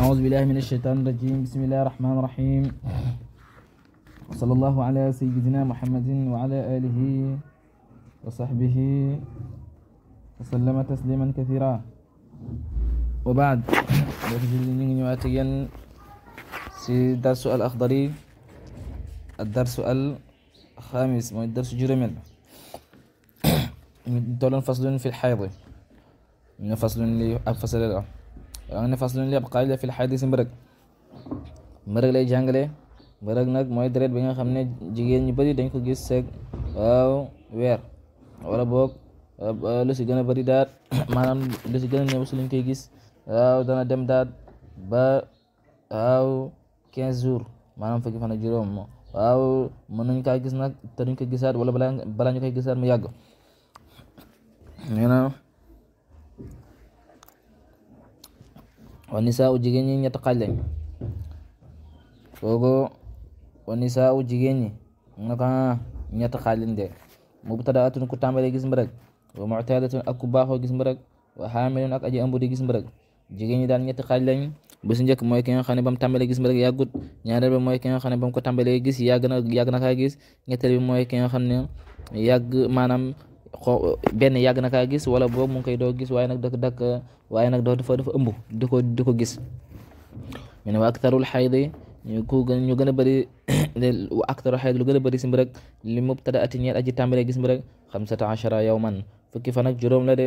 أعوذ بالله من الشيطان الرجيم بسم الله الرحمن الرحيم وصلى الله على سيدنا محمد وعلى آله وصحبه وسلم تسليما كثيرا وبعد si darsu al axdari ak darsu al xaamis mooy darsu juróomeel ñu tolloon faslun fi l xaydi ñu faslun li ab fasale la yaa ngi ne fas luñu lépp xaalis la fil xadis mbërëg mbërëg lay jàngale mbërëg nag mooy deret bi nga xam ne jigéen ñu bëri dañ ko gis seeg waaw weer wala boog lu si gën a bëri daat maanaam lu si gën a néew su lañ koy gis waaw dana dem daat ba waaw quinze jours maanaam fukki fan ak juróom waaw mën nañ kaa gis nag te duñ ko gisaat wala balaa balaa ñu koy mu yàgg nee wa nisaa u jigéen ñi ñetti xaaj lañ kooku wa nisaa u jigéen ñi nga ko ñetti xaaj lañ de mubtadaatun ku tàmbalee gis mbërëg wa muctadatun ak ku baaxoo gis mbërëg wa xaamilun ak aji ëmb di gis mbërëg jigéen ñi daal ñetti xaaj lañ bu si njëkk mooy ki nga xam ne ba mu tàmbalee gis mbërëg yàggut ñaareel ba ki xam ne ba ko tàmbalee gis yàgg na yàgg na kaa ñetteel bi mooy ki nga xam ne yàgg xo benn yàgg na gis wala boobu mu koy doo gis waaye nag dak dak waaye nag dafa dafa ëmb di ko di ko gis ñu ne wa aktarul xaydi ñu ku ñu gën a bëri wa aktaru xayd lu gën a bëri si mbir ak li mubtada ati aji tàmbalee gis mbir ak xamsata achara yawman fukki fan ak juróom la de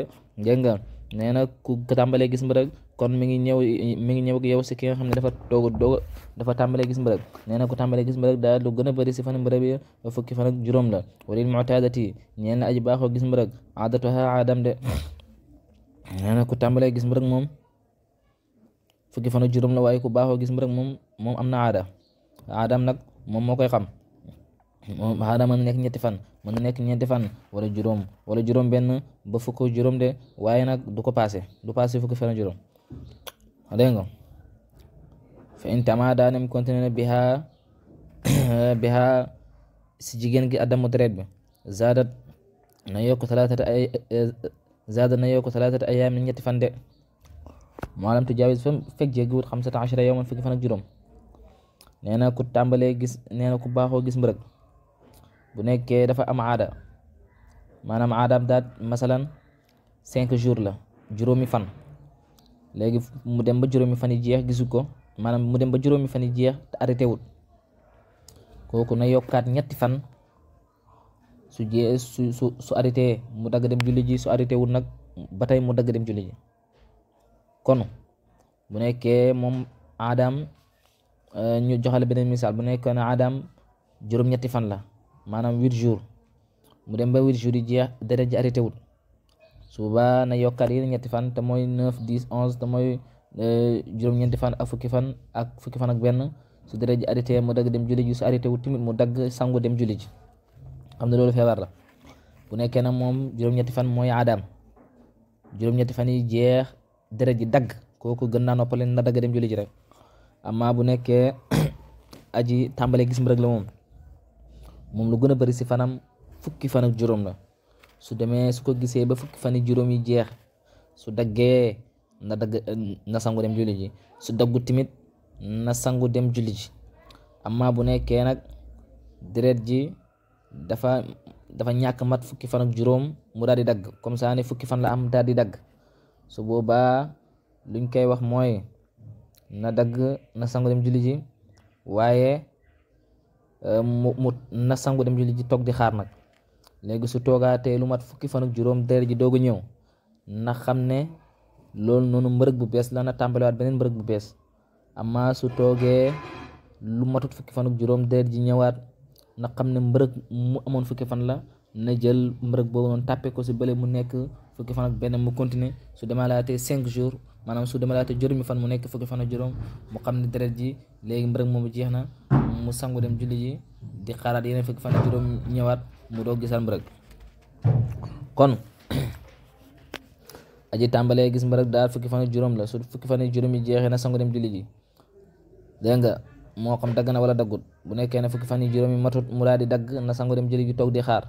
nee na ku tàmbalee gis mbërëg kon mi ngi ñëw mi ngi ñëw yow si ki xam ne dafa doog doog dafa gis mbërëg nee na ku tàmbalee gis mbërëg daal lu gën a bëri si fan mbërëg yi fukki fan juróom la walil mu'tadati ñeen na baaxoo gis mbërëg aadatuha aadam de ku tàmbalee gis mbërëg moom fukki fan juróom la waaye ku baaxoo gis mbërëg moom moom am na aada aadam nag moom moo koy xam xaaral mën na nekk ñetti fan mën na nekk ñeenti fan wala juróom wala juróom benn ba fukk juróom de waaye nag du ko paase du paase fukki fan juróom dégg nga fa si jigéen gi adamu deret bi yokk talaatata ay zaadat na yokk talaatata eh, ayaam ñetti fan de maalam tujaawis fa fekk na ku tàmbalee gis nee ku baaxoo gis mbërëg bu nekkee dafa am aada maanaam aadaam daat masalan cinq jours la juróomi fan léegi mu dem ba juróomi fan yi jeex gisu ko maanaam mu dem ba juróomi fan yi jeex te wul kooku na yokkaat ñetti fan su jee su su su arrêté mu dagg dem julli ji su arrêté wul nag ba tey mu dagg dem julli kon bu nekkee moom aadaam euh, ñu joxale beneen misaal bu nekkee ne aadaam juróom-ñetti fan la maanaam huit jours mu dem ba huit jour yi jeex deret ji arrêté wul su boobaa na yokkaat yi ñetti fan te mooy neuf dix onze te mooy euh, juróom-ñeenti fan ak fukki fan ak fukki fan ak benn su deret ji arrêté mu dagg dem julli ji su arrêté wul tamit mu dagg sangu dem julli ji xam ne loolu feebar la bu nekkee nag moom juróom-ñetti fan mooy aadaam juróom-ñetti fan yi jeex deret ji dagg kooku gën naa noppale na dagg dem julli ji rek amaa bu nekkee aji tàmbalee gis mu rek la moom moom lu gën a bari si fanam fukki fan ak juróom la su demee su ko gisee ba fukki fan ak yi jeex su daggee na dagg na sangu dem julli ji su daggu timit na sangu dem julli ji amma bu nekkee nag deret ji dafa dafa ñàkk mat fukki fan ak juróom mu daal di dagg comme ça fukki fan la am daal di dagg su boobaa luñ koy wax mooy na dagg na sangu dem julli ji waaye Euh, mu mu na sangu dem julli ji toog di xaar nag léegi su toogaatee lu mat fukki fan ak juróom der ji doog a ñëw na xam ne loolu noonu mbërëg bu bees la na tàmbaliwaat beneen mbërëg bu bees amaa su toogee lu matut fukki fan ak juróom der ji ñëwaat na xam ne mbërëg mu amoon fukki fan la na jël mbërëg boobu noonu tàppe ko si bële mu nekk fukki fan ak benn mu continuer su demaalaatee cinq jours maanaam su dama laata juróomi fan mu nekk fukki fan ak juróom mu xam ne deret ji léegi mbërëg moomu jeex na mu sangu dem julli ji di xaaraat yeneen fukki fan ak juróom ñëwaat mu doog gisal mbërëg kon aji tàmbalee gis mbërëg daal fukki fan ak juróom la su fukki fan ak juróom yi jeexee na sangu dem julli ji dégg nga moo xam dagg na wala daggut bu nekkee ne fukki fan yi juróom yi matut mu daal di dagg na sangu dem julli ji toog di xaar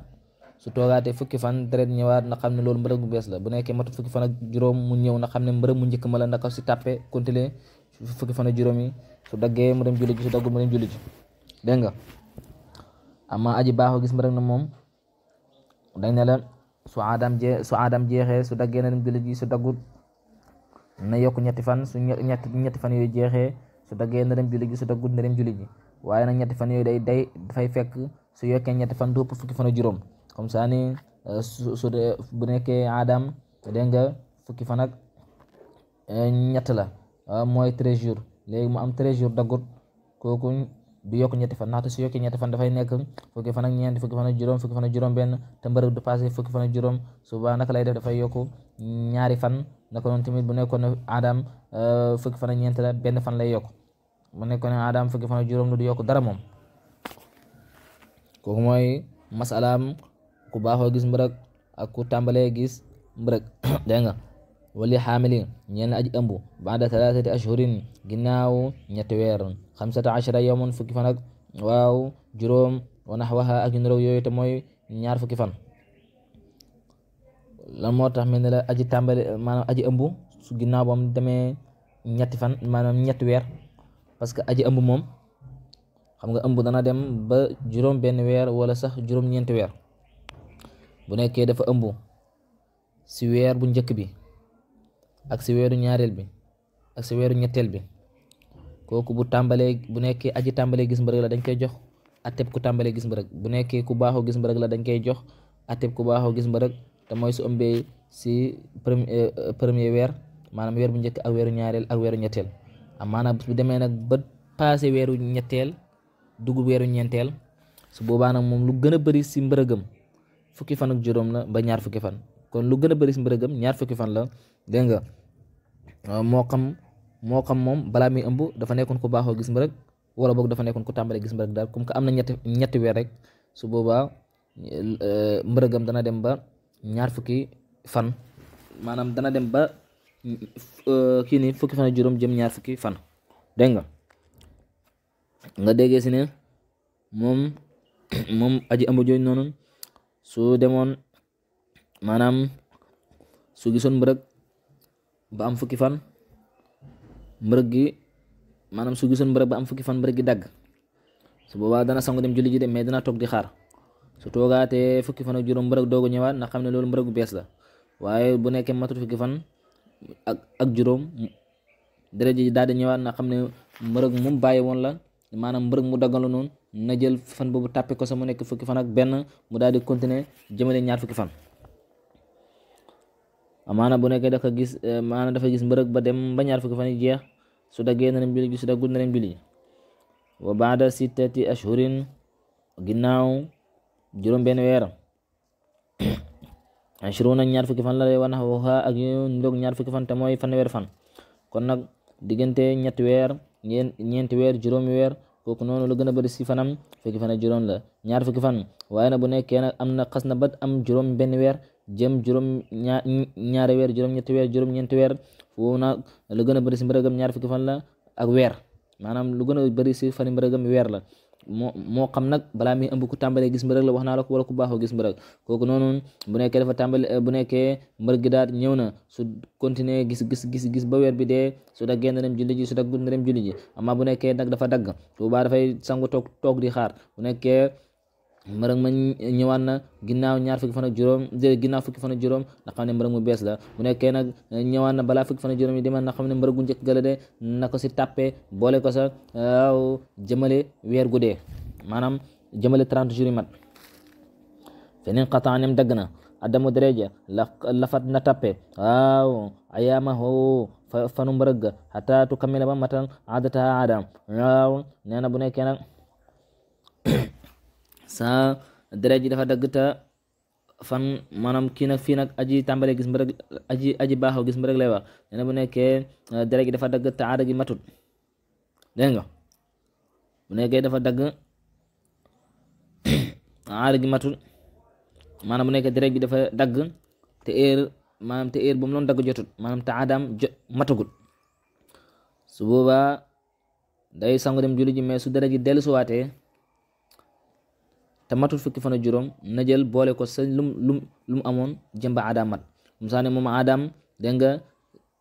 su toogaatee fukki fan deret ñëwaat na xam ne loolu mbërëg mu bees la bu nekkee matu fukki fan ak mu ñëw na xam ne mu njëkk ma la ndax si tàppe continuer fukki fan ak juróom yi su daggee mu dem julli ji su daggul mu dem julli ji dégg nga amma aji baaxoo gis mbërëg na moom dañ ne la su aadam su aadam jeexee su daggee na dem julli ji su daggul na yokk ñetti fan su ñetti ñetti fan yooyu jeexee su daggee na dem julli ji su daggul na dem julli ji waaye nag ñetti fan yooyu day day dafay fekk su yokkee ñetti fan du fukki fan a juróom comme ça ni eh, su dee bu nekkee adam dégg nga fukki fan ak eh, ñett la eh, mooy treize jours léegi mu am treize jours daggut kooku du yokk ñetti fan ndaxte su yokkee ñetti fan dafay nekk fukki fan ak ñeent fukki fan ak juróom fukki juróom-benn te mbërëb du passé fukki fan ak juróom suba naka lay def dafay yokk ñaari fan naka noonu tamit bu nekkoon ne adam fukki fan ak ñeent la benn fan lay yokk bu nekkoon juróom lu du yokk dara moom kooku masalaam ku baaxoo gis mbërëg ak ku tàmbalee gis mbërëg dégg nga wali xaamilin aji ëmb baada talaatati ashhurin ginnaaw ñetti weer xamsata ashara yawman fukki fanak ak waaw juróom wa naxwaha ak yu niroog mooy ñaar fukki fan lan moo tax mel ne la aji tàmbale maanaam aji ëmb su ginnaaw bam demee ñetti fan maanaam ñetti weer parce que aji ëmb moom xam nga ëmb dana dem ba juróom benn weer wala sax juróom-ñeenti weer bu nekkee dafa ëmb si weer bu njëkk bi ak si weeru ñaareel bi ak si weeru ñetteel bi kooku bu tàmbalee bu nekkee aji tàmbalee gis mbërëg la dañ koy jox ateb ku tàmbalee gis mbërëg bu nekkee ku baaxoo gis mbërëg la dañ koy jox ateb ku baaxoo gis mbërëg te mooy su ëmbee si premier eh, premier weer maanaam weer bu njëkk ak weeru ñaareel ak weeru ñetteel am maanaam bu demee nag ba passé weeru ñetteel dugg weeru ñeenteel su boobaa nag moom lu gën a bëri si mbërëgam fukki fan juróom la ba ñaar fukki fan kon lu gën a bëri si mbërëgam ñaar fukki fan la dégg nga moo xam moo xam moom balaa muy ëmb dafa nekkoon ku baaxoo gis mbërëg wala boog dafa nekkoon ku tàmbalee gis mbërëg daal comme que am ñetti ñetti rek su boobaa euh, mbërëgam dana dem ba ñaar fukki fan maanaam dana dem ba euh, kii nii fukki fan juróom jëm ñaar fan dégg nga nga déggee si ne moom moom aji ëmb jooju noonu su demoon maanaam su gisoon mbërëg ba am fukki fan mbërëg gi maanaam su gisoon mbërëg ba am fukki fan mbërëg gi dagg su boobaa dana sangu dem julli ji de mais dana toog di xaar su toogaatee fukki fan ak juróom mbërëg doogu ñëwaat na xam ne loolu mbërëg bu bees la waaye bu nekkee matut fukki fan ak ak juróom deret ji daal di ñëwaat na xam ne mbërëg mu bàyyi woon la maanaam mbërëg mu daggalu noonu na jël fan boobu tàppe ko sax mu nekk fukki fan ak benn mu daal di continuer jëmale ñaar fukki fan amaana bu nekk dafa gis eh, maana dafa gis mbërëg ba dem ba ñaar fukki fan jeex su daggee na leen julli ji su daggul na leen julli wa baada sittati ashhurin ginnaaw juróom-benn weer ashuruna ñaar fukki fan la lay wan waxa ak yu ñaar fukki fan te mooy fanweer fan kon nag diggante ñetti weer ñeenti weer juróomi weer kooku noonu lu gën a bëri si fanam fukki fan ak la ñaar fukki fan waaye nag bu nekkee nag am na xas na bat am juróom benn weer jëm juróom ñaar ñaari weer juróom ñetti weer juróom ñeenti weer foofu nag lu gën a bëri si mbërëgam ñaar fukki fan la ak weer maanaam lu gën a bëri si fani mbërëgam weer la moo moo xam nag balaa muy ëmb ku tàmbalee gis mbërëg la wax naa la ko a ku baaxoo gis mbërëg kooku noonu bu nekkee dafa tàmbale bu nekkee mbër gi daal ñëw na su continuer gis gis gis gis ba weer bi dee su daggee na dem julli ji su daggut na dem julli ji amma bu nekkee nag dafa dagg su boobaa dafay sangu toog toog di xaar bu nekkee mbërëg ma ñëwaat ginnaaw ñaar fukki fan ak juróom fukki fan ak ne mbërëg mu bees la bu nekkee nag ñëwaat na balaa fukki fan ak juróom yi demal na ne mbërëg gu njëkk gala de na ko si tàppee boole ko sa weer gu dee maanaam jëmale 30 jours yi mat feneen xataanem dagg na adamu dereja lafat na tàppe waaw ayaama hoo fanu mbërëg ga xataa tu kamila ba matal aadata aadam waaw nee bu nekkee nag sa deret ji dafa dagg te fan maanaam kii nag fii nag aji tàmbalee gis mbërëg aji aji baaxoo gis mbërëg lay wax bu nekkee eh, deret gi dafa dagg ta aada gi matut dégg nga bu nekkee dafa dagg gi matut maanaam bu nekkee deret gi dafa dagg te heure maanaam te heure bu dagg jotut maanaam te aadaam jo matagul su boobaa day sangu su deret ji dellusiwaatee te matul fukki fan ak juróom na jël boole ko sa lum lum lu mu amoon jëmba aadaam mat mu saa ne moom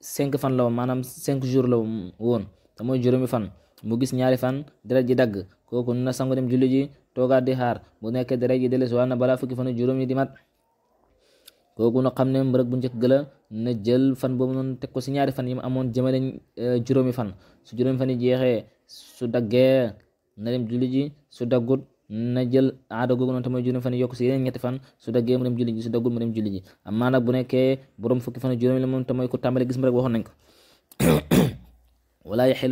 cinq fan la woon maanaam cinq jours la woon te mooy juróomi fan mu gis ñaari fan deret ji dagg ko kooku na sangu dem julli ji toogaat di xaar bu nekk deret ji dellu si waa na balaa fukki fan ak di mat ku na xam ne mbërëg bu njëkk la na jël fan boobu noon teg ko si ñaari fan yi mu amoon jëmale eh, juróomi fan su juróomi fan yi su daggee na dem julli su daggut na jël aada googu noonu tamit juróom fan yokk si yeneen ñetti fan su daggee mu julli ji su daggul mu julli ji amaa nag bu nekkee borom fukki fan juróom la moom tamit ku gis mu rek waxoon nañ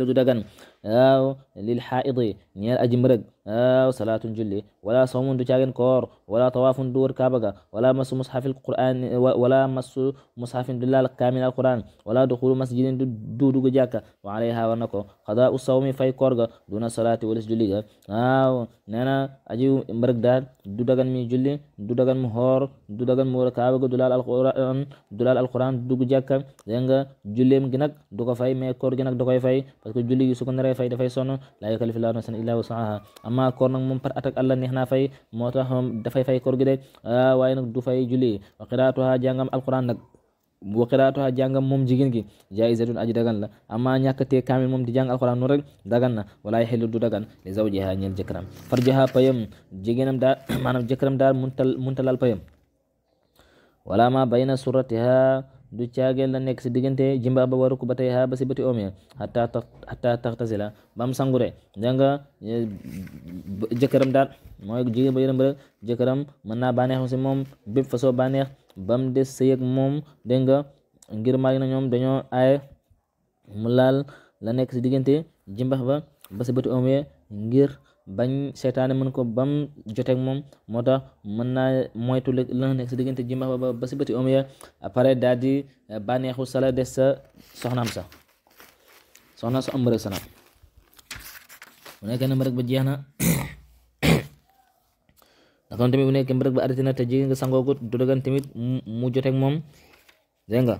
du dagan waaw lil xaaidi ñeel aji mbërëg waaw salaatun julli wala sawmun du caageen koor wala tawaafun du wër kaabaga wala masu mushafil qur'an wala masu mushafin du laal kaamil alquran wala duxulu masjidin du dugg jàkka wa alayha war na ko xadaa u sawmi fay koor ga duna salaati walis julli ga waaw nee na aji mbërëg daal du dagan mi julli du dagan mu xoor du dagan mu wër kaabaga du laal alquran du laal alquran du dugg jàkka dégg nga julleem gi nag du ko fay mais koor gi nag da koy fay parce que julli gi su ko naree koy fay dafay sonn laa yukallifu llaahu nafsan illaa wus'ahaa amma koor nag moom par at ak allah neex naa fay moo tax dafay fay koor gi de ah, waaye nag du fay julli wa qiraatuha jàngam alquran nag wa qiraatuha jàngam moom jigéen gi jaizatun aji dagan la amma ñàkkatee kaamil moom di jàng alquran noonu rek dagan na wala yaxillu du dagan li zawjiha ñeel jëkkëram farjaha payam jigéenam daal maanaam jëkkëram daal muntal payam wala ma bayna suratiha du caageen la nekk si diggante jimba ba waru ko ba tey ha ba si bati oome hatta tax hatta taxtasila ba mu sangu de da daal mooy jigéen ba yërëm rek mën naa bànneexu si moom bépp façon bànneex ba des sëy moom dégg nga ngir maag na ñoom dañoo aay mu la nekk si diggante jimbax ba ba si bati oome ngir bañ seetaane mën ko bam joteeg moom moo tax mën naa moytu la nekk si diggante jimbax ba ba si bëti omiya après daal di bànneexu sala des sa soxnaam sa soxna su am rek sana bu nekkee na rek ba jeex na naka tamit bu nekkee rek ba arrêté na te jigéen nga sangoo ko du dagan tamit mu joteeg moom dégg nga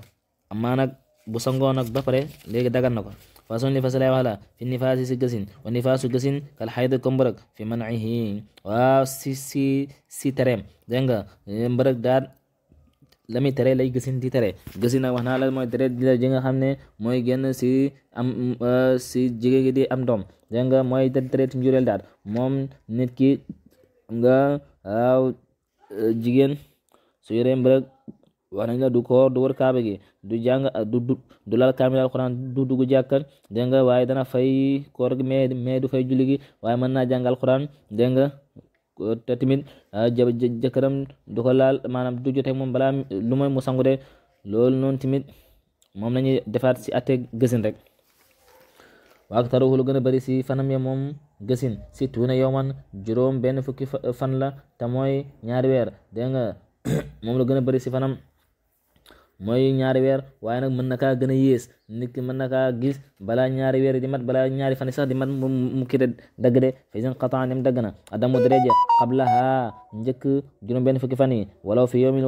amaa bu sangoo nag ba pare léegi dagan na ko façon li fasalay wax la fi nifaasi si gësin wa nifaasu gësin kal xayda ko mbërëg fi man'ihi waaw si si si tereem dégg nga mbërëg daal la muy tere lay gësin di tere gësin nag wax naa la mooy tere di la ji nga xam ne mooy génn si am si jigéen gi di am doom dégg nga mooy tere ci njureel daal moom nit ki nga waaw jigéen su yoree mbërëg wax nañ la du koor du wër kaaba gi du jàng du du lal kaamil alxuraan du dugg jàkka dégg waaye dana fay koor gi mais mais du fay julli gi waaye mën naa jàng alxuraan dégg nga te tamit ah, jëkkëram du ko laal maanaam du jote moom balaa lu mooy mu sangu de loolu noonu tamit moom lañuy defaat si atte gësin rek waak taruhu lu gën a bëri si fanam ya moom gësin si tuuna yowman juróom benn fukki fan la te mooy ñaari weer dégg moom lu gën a si fanam mooy ñaari weer waaye nag mën na kaa gën a yées nit ki mën na kaa gis balaa ñaari weer di mat balaa ñaari fan sax di mat mu kii de dagg de fa isin qataan dem dagg na adamu dereje qablaha njëkk juróom benn fukki fan yi walaw fi yawmin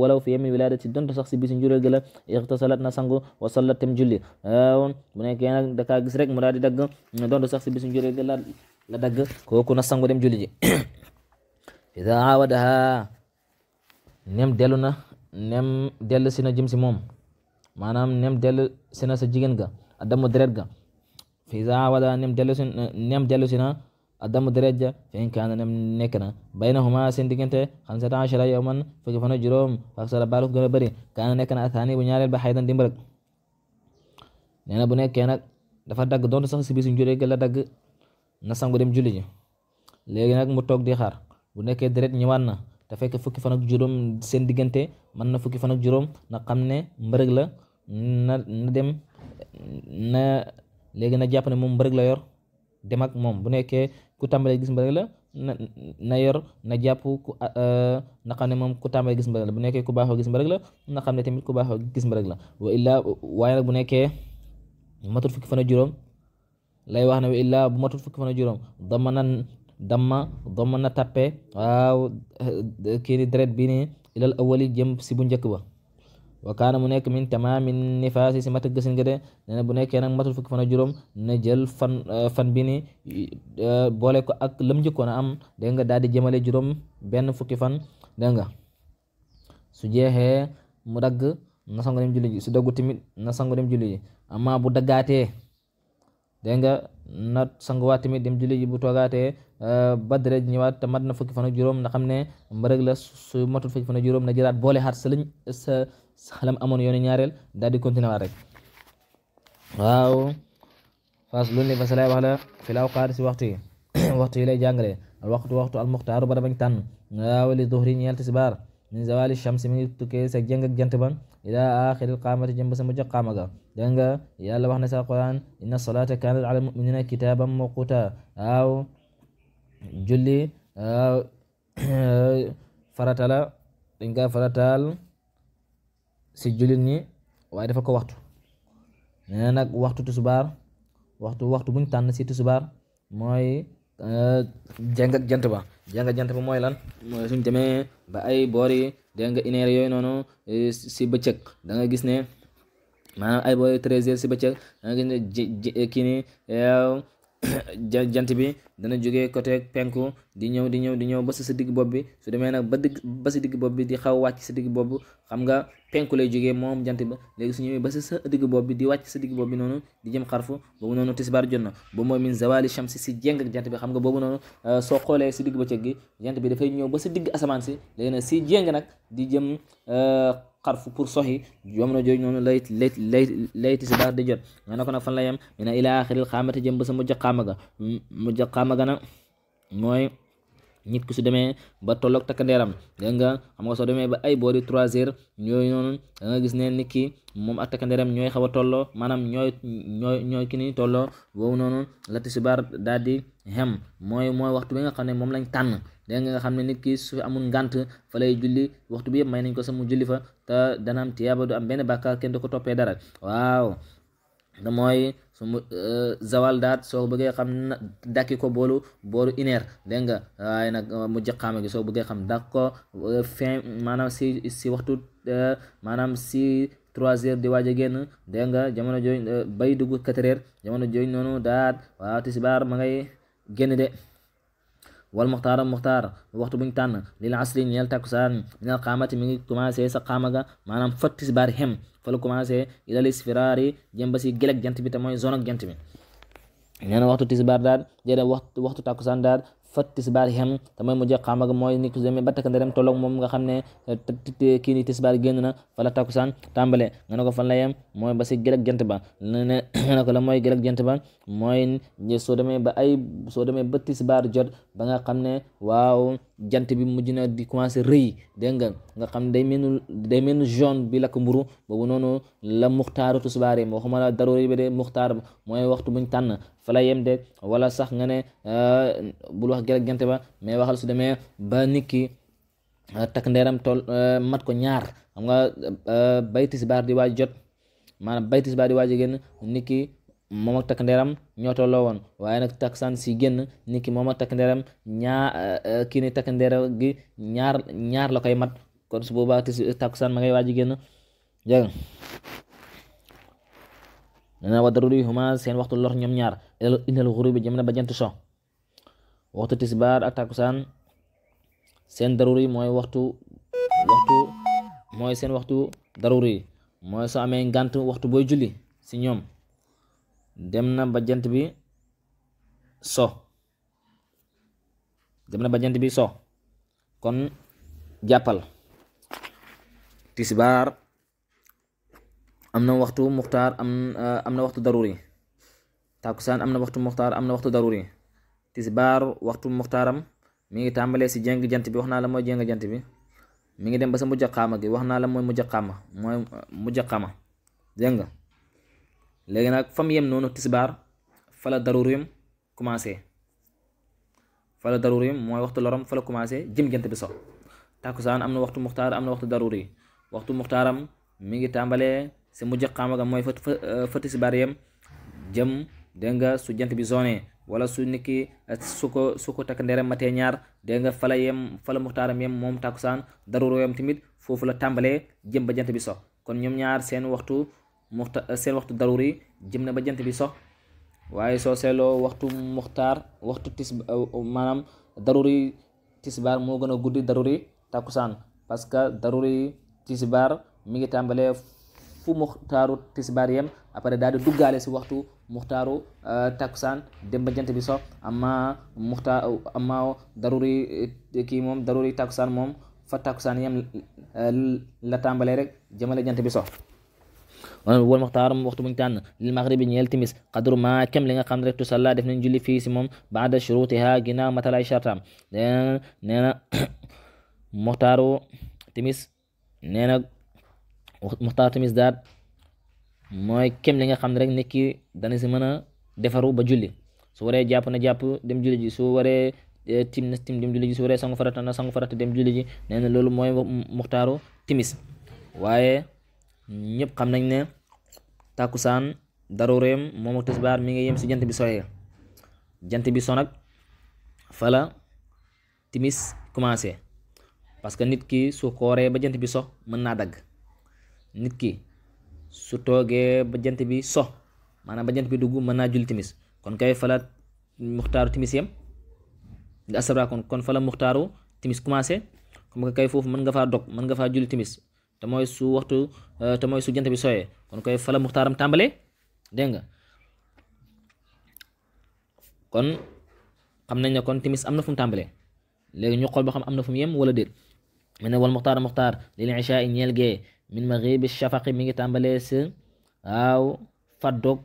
walaw fi yawmin wiladati donte sax si bisu njuréel gi la ixtasalat na sangu wa sallat tem julli da kaa gis rek mu daal di dagg donte sax si bisu njuréel gi la la dagg kooku na sangu dem julli ji ida awadaha nem dellu na nem dellu si na jëm si moom maanaam nem dell si na sa jigéen ga adamu deret ga fi za wada nem dellu si nem dellu si na adamu deret ja fi in kaana nem nekk na baynahuma seen diggante xamsata ashara yawman fukki fana juróom ak sara baalu gën a bëri kaana nekk na athaani bu ñaareel ba xaydan dimbarag nee na bu nekkee nag dafa dagg doon sax si bisu njuree la dagg na sangu dem julli ji léegi nag mu toog di xaar bu nekkee deret ñëwaat na te fekk fukki fan ak juróom seen diggante man na fukki fan ak juróom na xam ne mbërëg la na na dem na léegi jàpp ne moom mbërëg la yor dem ak moom bu nekkee ku tàmbalee gis mbërëg la na yor na jàpp ku na xam ne moom ku tàmbalee gis la bu nekkee ku baaxoo gis mbërëg la na xam ne tamit ku baaxoo gis mbërëg la wa illaa waaye nag bu nekkee matul fukki fan ak juróom lay wax ne wa illaa bu matul fukki fan ak dama nan damma damma na tappe waaw kii ni deret bi ni ilal awali jëm si bu njëkk ba wa kaana mu nekk min tamaamin nifaasi si mat a gësin nga de bu nekkee nag matul fukki fan ak juróom na jël fan eh, fan bi ni eh, boole ko ak lam njëkkoon a am dégg nga daal di jëmale juróom benn fukki fan dégg nga su jeexee mu dagg na sango dem julli ji su bu daggaatee dégg nga na sanguwaat tamit dem julli ji bu toogaatee euh, badre ñëwaat te mat na fukki fa ak juróom na xam ne mbërëg la su matul fukki fa ak juróom na jëlaat boole xaat sa lañ sa xalam amoon yoonu ñaareel daal di continuer waat rek waaw fas lu wax la fi la awqaat si waxtu yi waxtu yi lay jàngale al waxtu waxtu al muxtaaru bara bañ tànn waaw li duhri ñeel tisbaar min zawali shamsi mi tukkee sa jëng ak jant ba ila axiril qaamati jëm ba sa mujj qaama ga dégg nga wax na sa quran inna salaata kaanat ala muminina kitaaban mawquta waaw julli waaw farata dañ kaa farataal si jullit ni waaye dafa ko waxtu nee nag waxtu tusubaar waxtu waxtu buñ tànn si tusubaar mooy jàng ak jant ba jàng ak jant ba mooy lan mooy suñ demee ba ay boori dégg nga une heure yooyu noonu euh, si bëccëg da nga gis ne maanaam ay booy treize heures si bëccëg da nga gis ne kii ni jant bi dana jógee côté penku di ñëw di ñëw di ñëw ba si sa digg bopp bi su demee nag ba digg ba si digg bopp bi di xaw wàcc sa digg bopp xam nga penku lay jógee moom jant ba léegi su ñëwee ba si sa digg bopp bi di wàcc sa digg bopp bi noonu di jëm xarfu boobu noonu tisbaar jot na ba mooy min zawali shamsi si jéng ak jant bi xam nga boobu noonu euh, soo xoolee si digg bëccëg gi jant bi dafay ñëw ba si digg asamaan si léegi nag si jéng nag di jëm euh, xarfu pour soxi jamono jooju noonu lay lay lay layti si daal di jot nga ne ko nag fan la yem mi ne ila axiril xaamata jëm ba sa mujj xaama ga mm, mujj xaama ga nag mooy nit ku su demee ba tolloog takkandeeram dégg nga xam nga soo demee ba ay boori trois heures ñooyu noonu da gis ne nit ki moom ak takkandeeram ñooy xaw a tolloo maanaam ñooy ñooy ñooy ki ni tolloo boobu noonu la tisbaar daal di xem mooy mooy waxtu bi nga xam ne moom lañ tànn dégg nga nga xam ne nit ki su amul ngànt fa lay julli waxtu bi yëpp may nañ ko sa mu julli fa te dana am tiyaaba du am benn bàkkaar kenn du ko toppee dara waaw da mooy su mu eh, zawal daat soo bëggee xam dakki ko boolu boolu ineer dégg nga waaye nag eh, mu jëqaama gi soo bëggee xam dak ko eh, fin maanaam si si waxtu maanaam si trois heures di waaj a génn dégg nga jamono jooju bay dugg quatre heures jamono noonu daat waaw tisbaar ma ngay génn de wal muxtaara muxtaar waxtu buñ tànn lil asri ñeel takkusaan minal qaamati mi ngi commencé sa qaama ga maanaam fa tisbaar xem fa la commencé ilal isfiraari jëm ba si gelek jant bi te mooy zone ak jant bi nee na waxtu tisbaar daal déedéet waxtu waxtu takkusaan daal fa tisbaar xem te mooy mujj xaam ak mooy nit ku demee ba takk nderem tolloog moom nga xam ne eh, kii ni tisbaar génn na fa la takusaan nga ne ko fan la yem mooy ba si gëlëg jant ba ne ne ko la mooy soo demee ba ay soo demee ba tisbaar jot ba nga xam ne waaw jant bi mujj na di commencé rëy dégg nga nga xam ne day mel day mel jaune bi lakk mburu boobu noonu la muxtaaru tisbaar yi waxuma la daroori bi de muxtaar mooy waxtu buñ tànn fa la yem de wala sax nga ne euh, bul wax gerek gente ba mais waxal su demee ba nit ki euh, takk ndeeram tool euh, mat ko ñaar xam nga bay tisbaar di waaj jot maanaam bay tisbaar di waaj génn nit ki moom ak takk ndeeram woon waaye nag takkusaan si génn nit ki moom ak takk ndeeram ñaar kii ni takk ndeeram gi ñaar ñaar la koy mat kon su boobaa takk takkusaan ma ngay waaj génn nena wa daruri huma seen waxtu lor ñoom ñaar indal xurubi jëm na ba jant so waxtu tisbaar ak takusaan seen daruri mooy waxtu waxtu mooy seen waxtu daruri mooy soo amee ngànt waxtu booy julli si ñoom dem na ba jant bi so dem na ba jant bi so kon jàppal tisbaar am na waxtu muxtaar am eh, am na waxtu daruri tàkkusaan am na waxtu muxtaar am na waxtu daruri tisbaar waxtu muxtaaram mi ngi tàmbalee si jéng jant bi wax naa la mooy jéng jant bi mi ngi dem ba sa mujj xaama gi wax naa la mooy mujj xaama mooy eh, mujj xaama dégg nga léegi nag fam yem noonu tisbaar fala daruriyam commencé fala daruriyam mooy waxtu lorom fala commencé jëm jant bi so tàkkusaan am na waxtu muxtaar am na waxtu daruri waxtu muxtaaram mi ngi tàmbalee si mujj xaamagam mooy fa fa euh, tisbaar yem jëm dégg nga su jant bi zone wala su nit euh, su ko su ko takk ndeeram matee ñaar dégg nga fala yem fala muxtaaram yem moom tàkkusaan daruro yem tamit foofu la tàmbalee jëm ba jant bi so kon ñoom ñaar seen waxtu muxta euh, seen waxtu daruri jëm na ba jant bi so waaye soo seetloo waxtu muxtaar waxtu tis maanaam daruri tisbaar moo gën a guddi daruri tàkkusaan parce que daruri tisbaar mi ngi tàmbalee fu muxtaaru tisbaar yem après daal di duggaale si waxtu muxtaaru euh, takusaan dem ba jant bi so amma muxtaar amma daruri euh, kii moom daruri takusaan moom fa takusaan yem euh, la tàmbalee rek jëmale jant bi so wal muxtaar waxtu buñ tànn lil maghribi ñeel timis qadru ma kem li nga xam rek tusalla def nañ julli fii si moom baada shurutiha ginnaaw matalay shartam nee na muxtaaru timis nee na muxtaaratam isdaad mooy kem li nga xam ne rek nit ki dana si mën a defaru ba julli su waree jàpp na jàpp dem julli ji su waree eh, tim na tim dem julli ji su waree sangu farata na sangu farata dem julli ji nee na loolu mooy muxtaaru timis waaye ñëpp xam nañ ne takku tàkkusaan daruureem moom ak tisbaar mi ngi yem si jant bi soyee jant bi so nag fala timis commencé parce que nit ki su kooree ba jant bi soo mën naa dagg nit ki su toogee ba jant bi so maanaam ba jant bi man naa julli timis kon kay fala muxtaaru timis yem li kon kon fala muxtaaru timis commencé comme que kay foofu mën nga faa dog mën nga faa jul timis te mooy su waxtu euh, te mooy su bi sooyee kon kay fala muxtaaram tàmbalee dégg nga kon xam nañ ne kon timis am na fu mu tàmbalee léegi ñu xool ba xam am na fu mu yem wala déet mu ne wal muxtaar muxtaar lil isha ñeel gee min maghribi shafaqi mi ngi tàmbalee sa waaw faddoog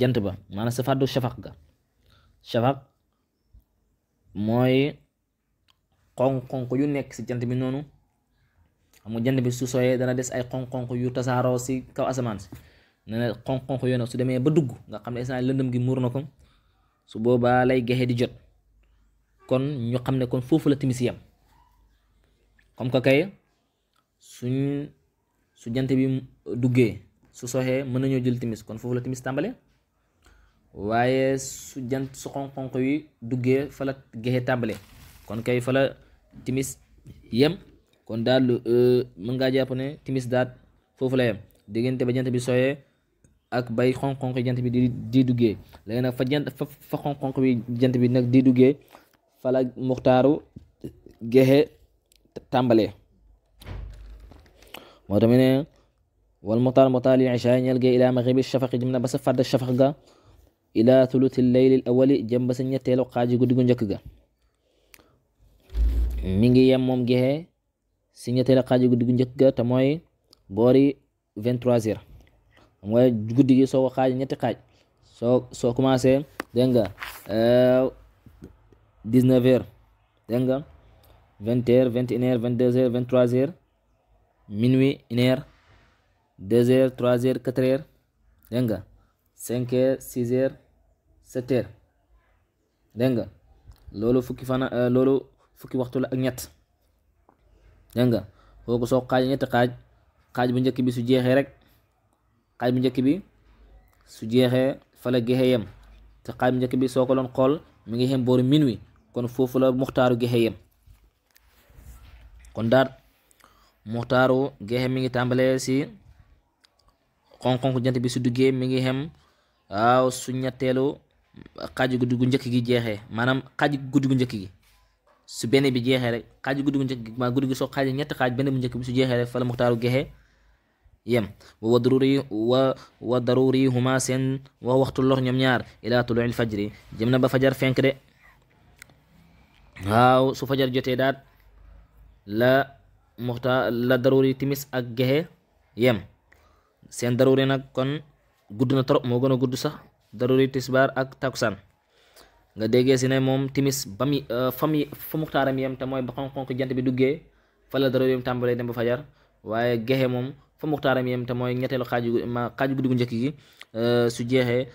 jant ba maanaam sa faddoog shafaq ga shafaq mooy xonq-xonq yu nekk si jant bi noonu xam nga jant bi su sooyee dana des ay xonq-xonq yu tasaaroo si kaw asamaan si nee xonq-xonq yooyu su demee ba dugg nga xam ne instant lëndëm gi muur na ko su boobaa lay gexe di jot kon ñu xam ne kon foofu la timis yam comme que kay suñ su jant bi duggee su soxee mën nañoo jël timis kon foofu la timis tàmbale waaye su jant su xonq-xonq yi duggee fa la gexe tàmbale kon kay fa la timis kon daal euh, mën ngaa jàpp ne timis daat foofu la yem diggante ba jant bi soxee ak bay xonq-xonq jant bi di di duggee léegi nag fa jant bi jant bi nag di duggee fa la muxtaaru gexe tàmbalee moo tamit ne wal muxtaar muxtaar li isha ñeel gee ilaa maxibi shafaqi jëm na ba sa fàdd shafaq ga ilaa tuluti leyli awali jëm ba sa ñetteelu xaaji guddi gu njëkk ga mi ngi yem moom gexe si ñetteelu xaaji guddi gu njëkk ga te mooy boori 23 heures mooy guddi gi soo ko xaaj ñetti xaaj soo soo commencé dégg nga 19 euh, heures dégg nga 20 heures 21 heures 22 heures 23 minuit une heure deux heures trois heures quatre heures dégg nga cinq heures six heures sept heures dégg nga loolu fukki fan euh, loolu fukki waxtu la ak ñett dégg nga kooku soo xaaj ñetti xaaj xaaj bu njëkk bi su jeexee rek xaaj bu njëkk bi su jeexee fa la yem te xaaj bu njëkk bi soo ko loon xool mu ngi xem booru minuit kon foofu la muxtaaru gexe yem kon daal muxtaaru geexe mi ngi tàmbalee si xonk-xonk jant bi su duggee mi ngi xem waaw su ñetteelu xaaju guddi gu njëkk gi jeexee maanaam xaaju guddi gu njëkk gi su benn bi jeexee rek xaaju guddi gu njëkk gi maa guddi gu soo xaajee ñetti xaaj benn bu njëkk bi su jeexee rek fa la muxtaaru geexe yem wa daruri huma seen wa waxtu lor ñoom ñaar ila tuluil fajri jëm na ba fajar fenk de waaw su fajar jotee daat muxta la daruri timis ak gexe yem seen daruri nag kon gudd na trop moo gën a gudd sax daruri tisbaar ak takusaan nga déggee si ne moom timis ba mu euh, fa mu fa muxtaaram yem te mooy ba xonq jant bi duggee fa la tàmbalee dem ba fajar waaye gexe moom fa muxtaaram yem te mooy ñetteelu xaaju ma xaaju guddi gu njëkk gi euh, su jeexee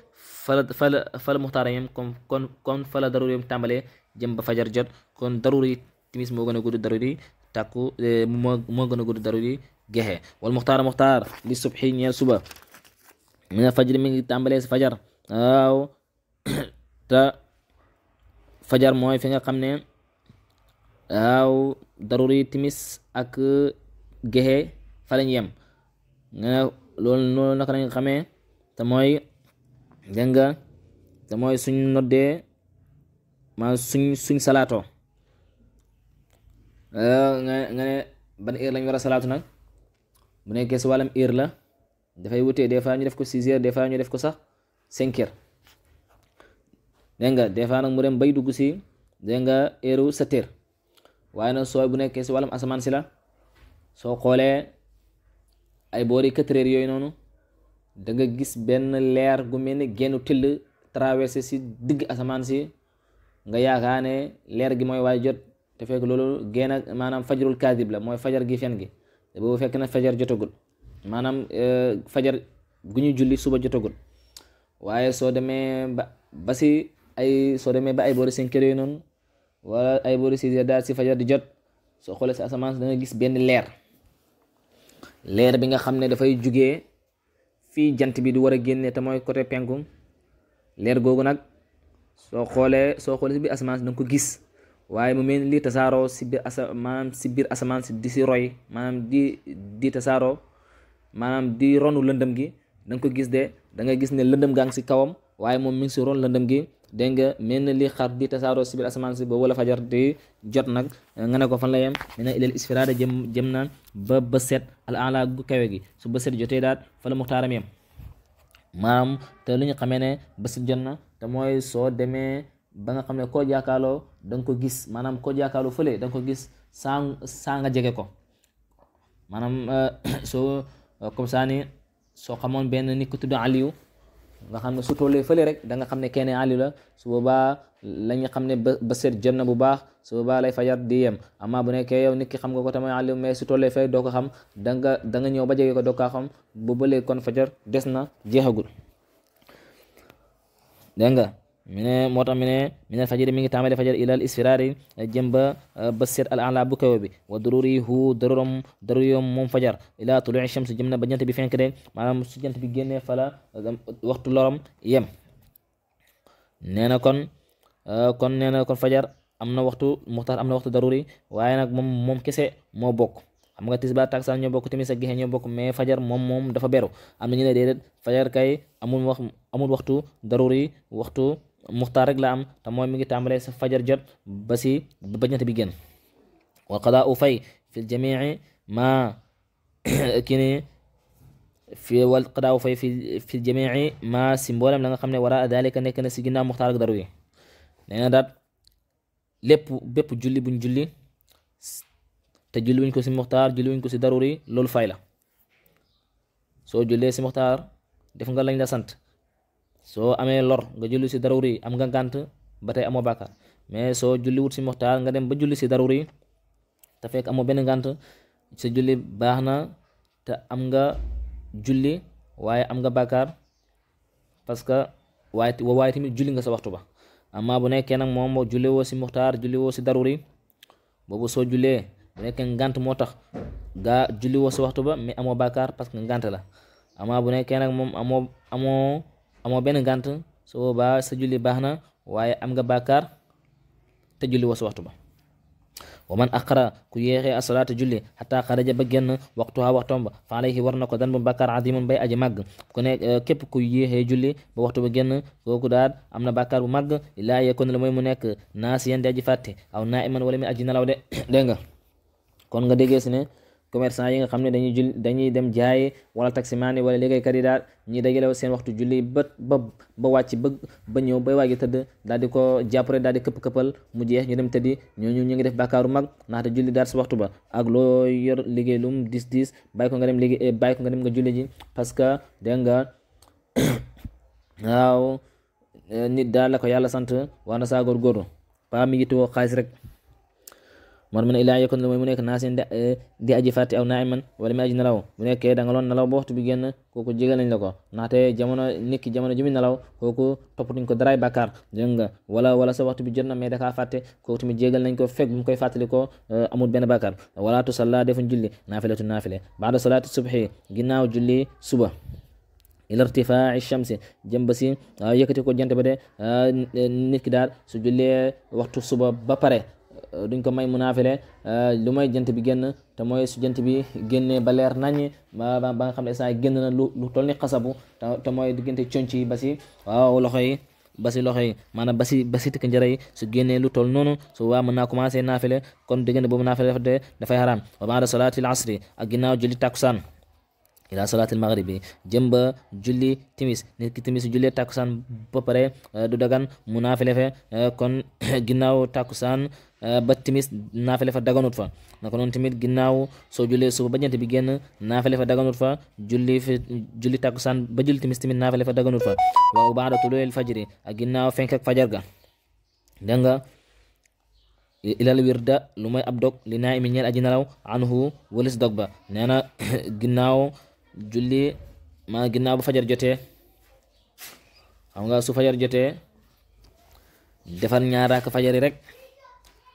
fala fala fala muxtaaram yem kon kon kon fala daruri yem tàmbalee jëm ba fajar jot kon daruri timis moo gën a gudd daruri takku e, moo gën a gudd daru di gexe wal muxtaar muxtaar li subxi ñeel suba mina fajri mi ngi tàmbalee si fajar waaw te fajar mooy fi nga xam ne waaw daruri timis ak e, gexe fa lañ yem nga ne loolu loolu naka lañ xamee te mooy dégg mooy suñ noddee ma suñ suñ salaato nga nga ne ban heure lañ war a salaatu nag bu nekkee si wàllam heure la dafay wutee des fois ñu def ko six heures des fois ñu def ko sax cinq heures dégg nga des fois nag mu dem bay dugg si dégg nga heure wu sept waaye nag sooy bu nekkee si wàllam asamaan si la soo xoolee ay boori quatre yooyu noonu da nga gis benn leer gu mel ni gennu tëll traversé si digg asamaan si nga yaakaar ne leer gi mooy waay jot te fekk loolu génn ak maanaam fajarul kaadib la mooy fajar gi fen gi boobu fekk na fajar jotagul maanaam euh, fajar gu ñu julli suba jotagul waaye soo demee ba ba si ay soo demee ba ay boori seen kër yooyu noonu wala ay boori si daal si fajar di jot soo xoolee si asamaan si gis benn leer leer bi nga xam ne dafay jugee fii jant bi di war a génnee te mooy côté penku leer googu nag soo xoolee soo xoolee si bi asamaan danga ko gis waaye mu mel li tasaaroo si biir asa si biir asamaan si di si roy maanaam di di tasaaroo maanaam di ronu lëndëm gi da ko gis de da gis ne lëndëm gaa ngi si kawam waaye moom mi ngi si ron lëndëm gi dégg nga mel na li xar di tasaaroo si biir asamaan si ba wala fajar di jot nag nga ne ko fan la yem ne na ilal isfiraada jëm jëm na ba ba set al gu kawe gi su ba jotee daat fa la muxtaaram yem maanaam te lu ñu xamee ne ba jot na te mooy soo demee ba nga xam ne koo jàkkaarloo da nga ko gis maanaam koo jàkkaarloo fële da nga ko gis saa saa nga jege ko maanaam euh, soo euh, comme ça soo xamoon benn nit ku tudd Aliou nga xam ne su tollee fële rek da nga xam ne kenn Aliou la su boobaa la ñu xam ne ba seet jot na bu baax su boobaa lay fajar di yem amaa bu nekkee yow nit ki xam nga ko tamit Aliou mais su tollee fële doo ko xam da nga ñëw ba jege ko doo kaa xam bu bëlee kon fajar des na jeexagul dégg nga mi moo tax mi ne mi ne fajiri mi ngi tàmbale fajar ilal isfiraari jëm ba euh, bës seet al ala bu bi wa daruri hu daruram darurom moom fajar ila tuluu shams jëm na ba jant bi fenk de maanaam su jant bi génnee fala waxtu lorom yem nee na kon euh, kon nee na kon fajar am na waxtu muxtaar am na waxtu daruri waaye nag moom moom kese moo bokk xam nga tisbaar taksaan ñoo bokk timis ak gexe ñoo bokk mais fajar moom moom dafa beru am na ñu ne déedéet fajar kay amul amul waxtu daruri waxtu muxtaar rek la am te moom mi ngi tàmbalee sa fajar jot ba si ba ñett bi génn wal qadaa u fi wal qadaa u fay fi ma si la nga xam ne wara dalika nekk na si ginnaaw muxtaar ak daru daat lépp bépp julli buñ julli te julli wuñ ko si muxtaar julli wuñ si daruri loolu fay la soo jullee si muxtaar def nga lañ la sant soo amee lor nga julli si daruri am nga ngànt ba tey amoo bàkkaar mais soo julli wut si moxtaar nga dem ba julli si daruri te fekk amoo benn ngant sa julli baax na te am nga julli waaye am nga bàkkaar parce que waaye waaye tamit julli nga sa waxtu ba amma bu nekkee nag moom julli woo si moxtaar julli si daruri boobu soo jullee bu nekkee ngànt moo tax gaa julli woo si waxtu ba mais amoo bàkkaar parce que ngant la amma bu nekkee nag moom amoo amoo benn ngànt su boobaa sa julli baax na waaye am nga bàkkaar te julli wasu waxtu ba wa man aqara ku yéexee asalaata julli xataa xaraja ba génn waxtuha waxtoom ba fa alayhi war na ko dan bu bàkkaar adimun bay aji màgg ku ne eh, képp ku yéexee julli ba waxtu ba génn kooku daal am na bàkkaar bu màgg illaa yekkoon la mooy mu nekk naasiyan di aji fàtte aw naiman wala mi aji nelaw de dégg kon nga déggee si ne commerçant yi nga xam ne dañuy jul dañuy dem jaaye wala taximaane wala liggéeykat yi daal ñi dajale seen waxtu julli ba ba ba wàcc ba ba ñëw bay waaji tëdd daal di ko jàppare daal di këpp-këppal mu jeex ñu dem tëddi ñooñu ñu ñu ngi def bakaaru mag ndaxte julli daal si waxtu ba ak loo yor liggéey lum dis dis bàyyi ko nga dem liggéey bàyyi nga dem nga julli ji parce que dégg nga waaw nit daal la ko yàlla sant war na saa góorgóorlu paa mi ngi tuwoo xaalis rek man mu ne illaa yakun lu mooy mu nekk naasin eh, di aji fàtte aw naa'iman wala mi aji nelaw mu nekkee da nga loon nelaw ba waxtu bi génn kooku jégal nañ la ko ndaxte jamono nit ki jamono ju mi nelaw kooku toppatuñ ko daraay bàkkaar nga wala wala sa waxtu bi jot na mais dakaa fàtte kooku tamit jégal nañ ko fekk bu mu koy fàttali ko eh, amul benn bàkkaar wala tusalla defuñ julli naafilatu naafile baada salaati subhi ginnaaw julli suba ila irtifaa'i shamsi jëm ba si eh, yëkkati ko jant ba de nit ki daal su jullee waxtu suba ba pare duñ ko may mu naafile euh, lu may jant bi génn te mooy su jant bi génnee ba leer nañ ba ba nga xam ne saa génn na lu lu toll ni xasabu te te mooy diggante conc ba si waaw loxo yi ba si loxo yi maanaam ba si ba si yi su génnee lu toll noonu su waa mën naa commencé naafile kon diggante boobu naafile dafay xaraam wa baada salaatil asri ak ginnaaw julli takkusaan ila salaatil maghribi jëm ba julli timis nit ki timis julli tàkkusaan ba pare euh, du dagan mu naafile fe euh, kon ginnaaw tàkkusaan euh, ba timis naafile fa daganut fa naka ginnaaw soo jullee suba ba bi génn naafile fa daganut fa julli fi julli ba julli timis tamit naafile fa daganut fa waaw baada tuluu'il fajri ak ginnaaw fenk ak fajar ga wirda lu may ab li naa imi ñeel aji nelaw walis dog ba ginnaaw julli maa ginnaaw bu fajar jotee xam nga su fajar jotee defar ñaar raaka fajar rek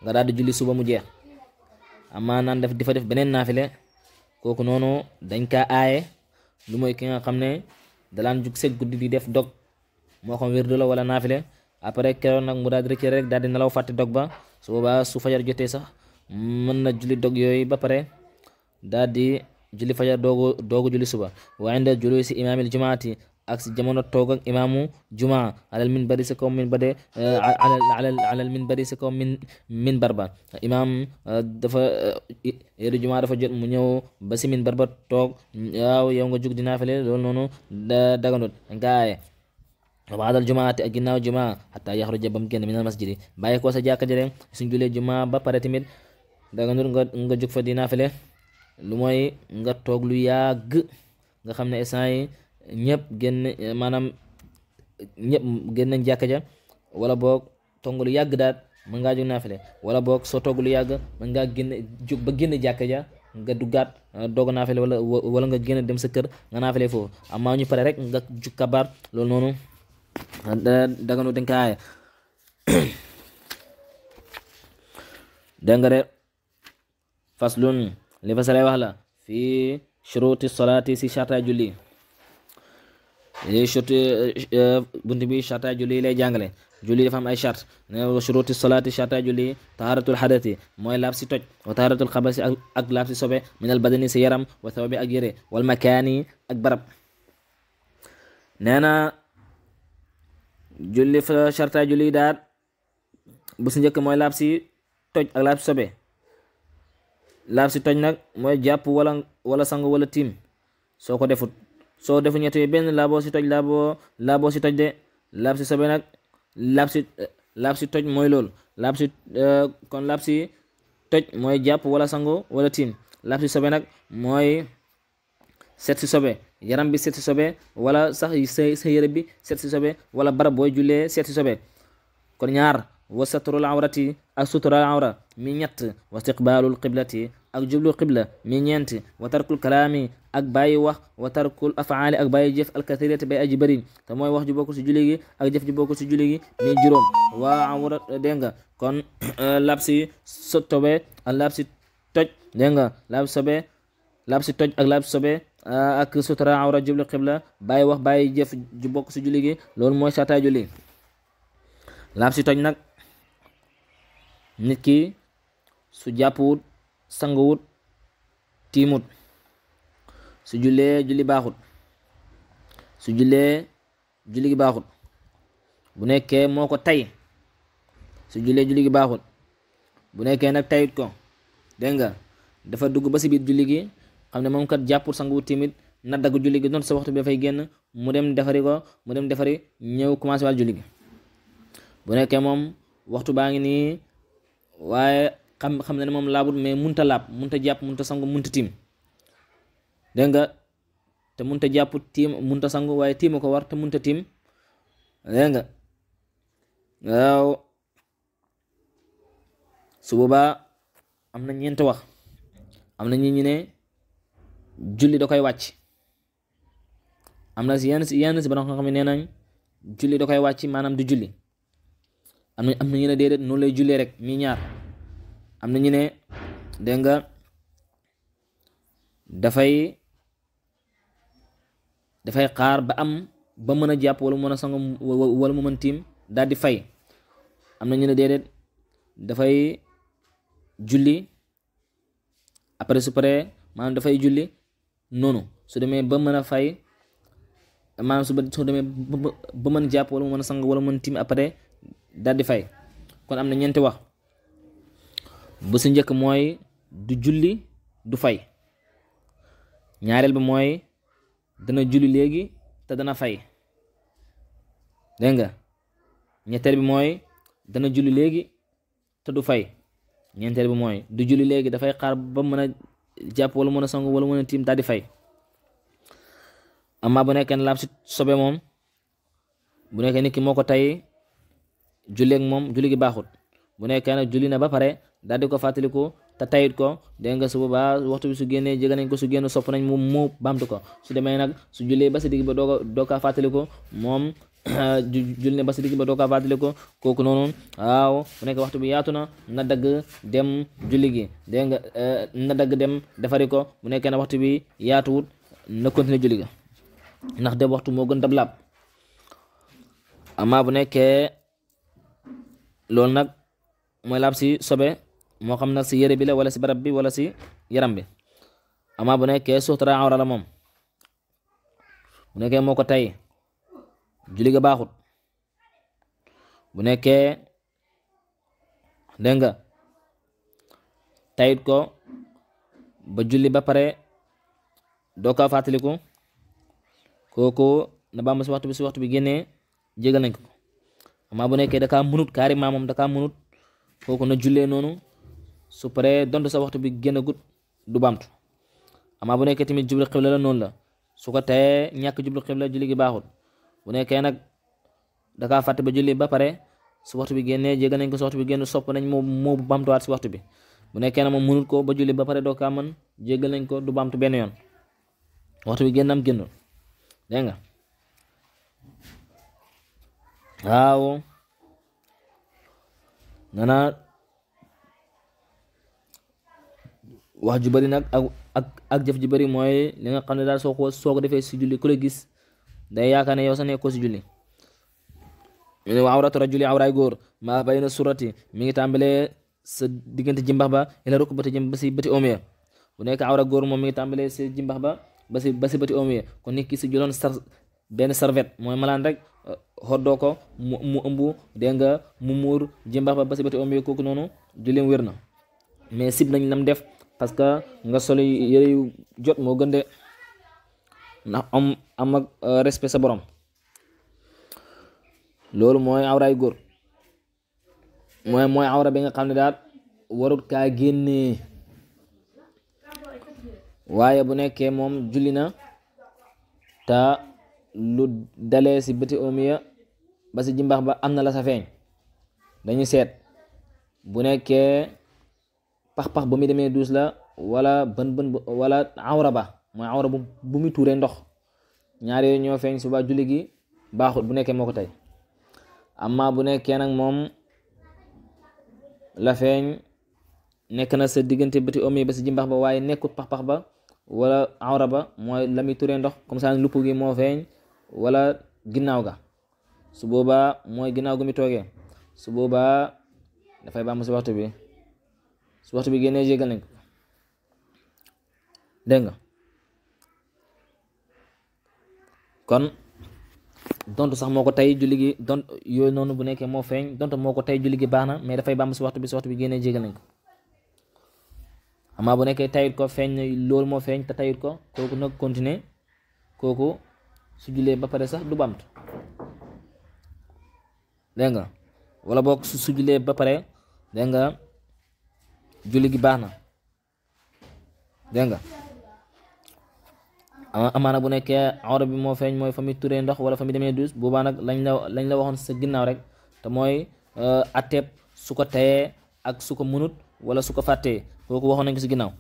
nga daal di julli suba mu jeex amaa naan def di fa def beneen naafile kooku noonu dañ ka aaye lu mooy ki nga xam ne dalaan jug seeg guddi di def dog moo xam wérdu la wala naafile après keroog nag mu daal di rëcc rek daal di nelaw dog ba su boobaa su fajar jotee sax mën na julli dog yooyu ba pare daal julli fajar doogu doogu julli suba wa inda julusi si jamono toog jumaa alal min eh, si kaw min bade alal alal min bari si kaw min barba imaam eh, dafa eh, yéru jumaa dafa jot mu ba si min barba toog waaw nga jug dinaa fele loolu noonu da daganut nga aaye wabaadal jumaati jumaa xataa yaxruja mu génn jumaa ba pare tamit daganut nga nga jug fa dinaa fele lu mooy nga toog lu yàgg nga xam ne instant yi ñëpp génn maanaam ñëpp génn jàkka ja wala boog tong lu yàgg daal mën ngaa jóg naafile wala boog soo toog lu yàgg mën ngaa génn ba génn jàkka ja nga duggaat ah, doog a naafile wala wala nga génn dem sa kër nga naafile foofu amaa ñu pare rek nga jug kabaar loolu noonu ah, daganu dañ kaaye dégg nga de faslun li fa salay wax la fii shuruti solaati si shartaay julli shuruti eh, buntu bi shartaay julli lay jàngale julli dafa am ay shart ne shuruti solaati shartaay julli taharatul xadati mooy laab si toj wa taharatul xabasi ak laab si sobe minal badani si yaram wa sawabi ak yére wal makaani ak barab nee na julli fa shartaay julli daal bu si njëkk mooy laab si toj ak laab sobe laab si nag mooy jàpp wala wala sang wala tiim soo ko defut soo defu ñett benn laaboo si toj laaboo laaboo si toj de laab sobe nag laab si laab si mooy loolu laab si euh, kon laab si toj mooy jàpp wala sango wala tiim laab si sobe nag mooy set si sobe yaram bi set sobe wala sax sa sa yére bi set si sobe wala barab booy jullee set sobe kon ñaar wa saturul awrati ak sutural awra mi ñett wa istiqbaalul qiblati ak jublu qibla mi ñeent wa tarkul kalaami ak bàyyi wax wa tarkul afaali ak bàyyi jef alkathirati bay aji bëri te mooy wax ju bokkul si julli gi ak jëf ju bokkul si gi mi juróom wa awra dégg nga kon lab si sotobe ak lab si toj dégg nga lab sobe lab si toj ak lab sobe ak sutura awra jublu qibla bàyyi wax bàyyi jëf ju bokk si julli gi loolu mooy sataay julli su jàppuwut sanguwut tiimut su jullee julli baaxut su jullee julli baaxut bu nekkee moo ko tay su jullee julli baaxut bu nekkee nag tayut ko dégg nga dafa dugg ba si biir julli gi xam ne moom kat jàpput sanguwut tiimut na dagg julli gi doon sa waxtu bi dafay génn mu dem defari ko mu dem defari ñëw commencé waat julli gi bu nekkee moom waxtu baa ngi nii waaye xam xam ne moom laabut mun ta laab munta jàpp munta sangu munta tiim dégg nga te munta jàpp tiim munta sangu waaye tiima ko war mun ta tiim dégg nga waaw su boobaa am na ñeent wax am na ñi ñu ne julli da koy wàcc am na si yenn si yenn si borom xam-xam nee nañ julli da koy wàcc maanaam di julli am na am na ñu ne noonu lay jullee rek mi ñaar am na ñu ne dégg nga dafay dafay xaar ba am ba mën a jàpp wal mu mën a sango wala mu tiim daal di fay am na ñu ne déedéet dafay julli après su paree maanaam dafay julli noonu su demee ba mën a fay maanaam su ba su demee ba mën jàpp wal mu mën a sang wala mu mën tiim après daal di fay kon am na ñeenti wax bu si njëkk mooy du julli du fay ñaareel bi mooy dana julli léegi te dana fay dégg nga ñetteel bi mooy dana julli léegi te du fay ñeenteel bi mooy du julli léegi dafay xaar ba mën a jàpp wala mën a song wala mën a tiim daal di fay amma bu nekkee ne laab si sobe moom bu nekkee nit ki moo ko tey julleeg moom julli gi baaxut bu nekkee ne julli na ba pare daal di ko fàttaliku te tayit ko dégg nga su boobaa waxtu bi su génnee jege nañ ko su génn sopp nañ mu mu bamtu ko su demee nag su jullee ba si digg ba dooga dookaa fàttaliku moom jul ne ba si digg ba dookaa fàttaliku kooku noonu waaw mu nekk waxtu bi yaatu na na dagg dem julli gi nga eh, na dagg dem defari ko mu nekkee ne waxtu bi yaatuwut na continuer ga ndax dem waxtu moo gën dab laab amaa bu nekkee loolu nag mooy laab si moo xam na si yére bi la wala si barab bi wala si yaram bi ama bu nekkee sutura awra la moom bu nekkee moo ko tay julli ga baaxut bu nekkee dégg nga tayit ko ba julli ba pare doo ko fàttaliku kooku na bàmm si waxtu bi si waxtu bi génnee jégal nañ ko ama bu nekkee da kaa munut carrément moom da munut kooku na jullee noonu su paree donte sa waxtu bi génn gut du baamtu amaa bu nekkee tamit jublu xibla la noonu la su ko tayee ñàkk jublu xibla julli gi baaxul bu nekkee nag dakaa fàtte ba julli ba pare su waxtu bi génnee jéggal nañ ko su bi génn sopp nañ moo moo baamtuwaat si waxtu bi bu nekkee nag moom mënul ko ba julli ba pare doo kaa mën jéggal nañ du baamtu benn yoon waxtu bi génnam génnul dégg nga waaw nana wax ju bëri nag ak ak ak jëf ju mooy li nga xam ne daal soo ko soo ko defee si julli ku la gis day yaakaar ne yow sa nekkoo si julli ñu ne wa awratu rajuli awraay góor maa bayna surati mi ngi tàmbalee sa diggante jimbax ba ila rukbati jëm ba si bëti omiya bu nekk awra góor moom mi ngi tàmbalee sa jimbax ba ba si ba si kon nit ki si jëloon sar benn serviette mooy malaan rek xoddoo uh, ko mu mu ëmb dégg nga mu muur jimbax ba ba si bëti omiya kooku noonu julleem wér na mais sib nañ lam def parce que nga sol yére yu jot moo gën de ndax am am ak euh, respect sa borom loolu mooy awraay góor mooy mooy awra bi nga xam ne daal warut kaa génnee waaye bu nekkee moom julli na lu dalee si bëti omiya ba si jimbax ba am na la sa feeñ dañu seet bu nekkee pax-pax ba muy demee duus la wala bën bën wala awra ba mooy awra bu bu muy tuuree ndox ñaar yooyu ñoo feeñ suba julli gi baaxut bu nekkee moo ko tey amma bu nekkee nag moom la feeñ nekk na sa diggante bëti om yi ba ba waaye nekkut pax ba wala awra ba mooy la muy turee ndox comme ça lupp gi moo feeñ wala ginnaaw ga su mooy ginnaaw gu mu toogee su boobaa dafay baamu si waxtu bi su waxtu bi génnee jégal nañ ko kon dont sax moo ko tey julli gi donte yooyu noonu bu nekkee moo feeñ dont moo ko tey julli gi baax na mais dafay bàmb si waxtu bi si waxtu bi génnee jégal nañ ko bu nekkee tayit ko feeñ loolu moo feeñ te tayit ko kooku nag continuer kooku su jullee ba pare sax du bàmt dégg nga wala boog su jullee ba pare dégg julli gi baax na dégg nga amaana bu nekkee awra bi moo feeñ mooy fa toure turee ndox wala fa muy demee duus boobaa nag lañ la lañ la waxoon sa ginnaaw rek te mooy euh, atteeb su ko tayee ak su ko mënut wala su ko fàttee kooku waxoon nañ ko si ginnaaw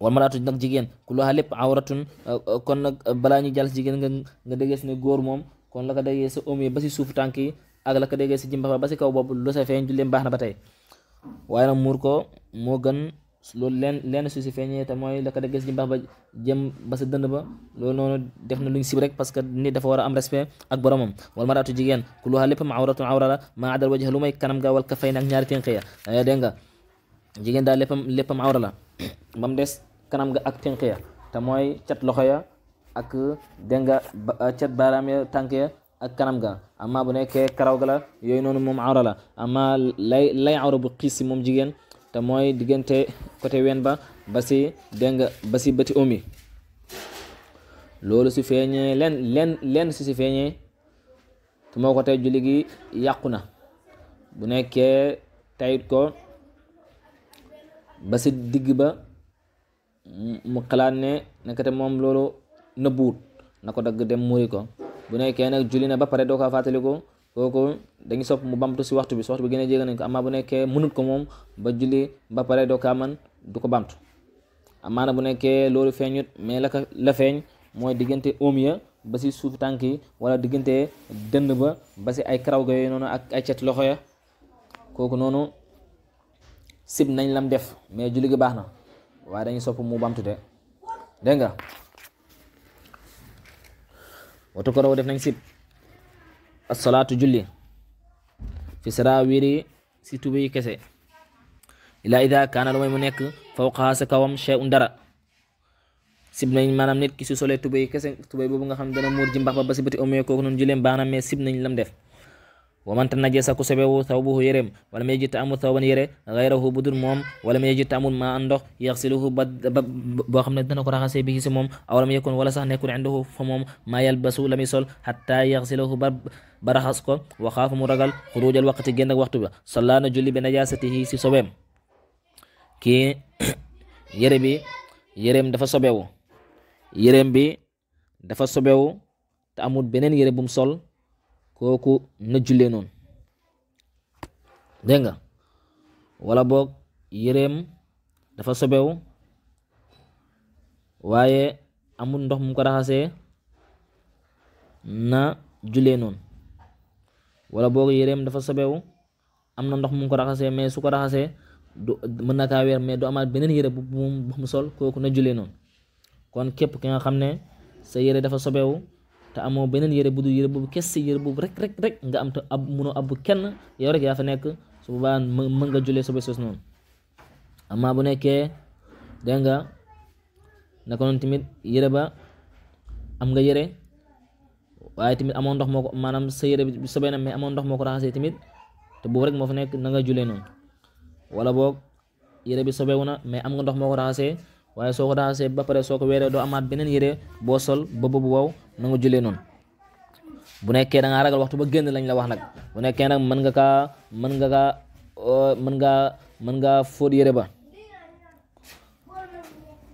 wal maraatu nag jigéen ku loxa lépp awratun euh, kon nag balaa ñuy jàll si jigéen nga nga déggee si ne góor moom kon la ko déggee sa oom ba si suufu tànk yi ak la ko déggee si jimbax ba si kaw boobu lu sa feeñ julleem baax ba tey waaye nag muur ko moo gën loolu lenn lenn su si la ko def gis ji mbax ba jëm ba dënd ba loolu noonu def na lu sib rek parce que nit dafa war a am respect ak boromam wal maratu jigéen kulluha léppam awratun awra la maa adal wajha lu may kanam ga wal kafay ak ñaari tënk ya eh, dégg nga jigéen daal léppam léppam awra des kanam ga ak tënk ya te cat loxo ya ak dégg eh, cat baaraam ya tànk ak kanam ga amma bu nekkee karaw ga la yooyu noonu moom awra la amma lay lay awra bu xiis si moom jigéen te mooy diggante côté wen ba ba si dégg ba si bëti omi loolu su feeñee len si si feeñee te moo ko tey julli gi yàqu na bu nekkee tayit ko ba si digg ba mu xalaat ne nekkate moom loolu buut na ko dagg dem muuri ko bu nekkee nag julli na ba pare doo ko fàttaliku kooku dañu sopp mu bamtu si waxtu bi si waxtu bi gën a jege nañ ko amaa bu nekkee mënut ko moom ba julli ba pare doo kaa man du ko bamtu amaana bu nekkee loolu feeñut mais la ko la feeñ mooy diggante oom ya ba si suuf tànk yi wala diggante dënd ba ba si ay karaw ga yooyu noonu ak ay cet loxo ya kooku noonu sib nañ lam def mais julli gi baax na waaye dañu sopp mu bamtu de dégg nga watu ko def nañ sib asalaatu julli fi saraawiri si tubi kese ila ida kaana lu may mu nekk fawqahaa sa kawam shay'un dara sib nañ maanaam nit ki si solee tubéy kese tubéy boobu nga xam dana muur mbax ba ba si omee kooku noonu juleem baax na mais nañ lam def wa man tanajasa ku sobewu thawbuhu yéreem wala mu yejit ta amul thawban yére gayrahu budul moom wala mu yejit ta amul maa ndox yaxsiluhu ba boo xam ne dana ko raxasee bi si moom aw lam yakun wala sax nekkul indahu fa moom maa yalbasu la muy sol xatta yaxsiluhu ba ba raxas ko wa xaafa mu ragal xurujal waqti génn ak waxtu bi sallaa na julli bi najasatihi si sobeem kii yére bi yéreem dafa sobewu yéreem bi dafa sobewu te amul beneen yére bu mu sol kooku na jullee noon dégg nga wala boog yëreem dafa sobewu waaye amul ndox mu ko raxasee na jullee noon wala boog yëreem dafa sobewu am na ndox mu ko raxasee mais su ko raxasee du mën na kaa weer mais du amaat beneen yére bu mu sol kooku na jullee noonu kon képp ki nga xam ne sa yére dafa sobewu te amoo beneen yére bu dul yére boobu kes yére boobu rek rek rek nga am te ab munoo ab kenn yow rek yaa fa nekk su boobaa mën nga julee sobe soos noonu bu nekkee dégg nga naka tamit yére ba am nga yére waaye tamit amoon ndox moo ko maanaam sa yére bi sobee na mais amoon ndox moo ko raxasee tamit te boobu rek moo fa nekk na nga jullee noonu wala boog yére bi sobeewu na mais am nga ndox moo ko raxasee waaye soo ko raxasee ba pare soo ko weeree doo amaat beneen yére boo sol ba boobu wow na nga jullee noonu bu nekkee da ngaa waxtu ba génn lañ la wax nag bu nekkee mën nga kaa mën nga kaa euh, mën ngaa mën ngaa fóot yére ba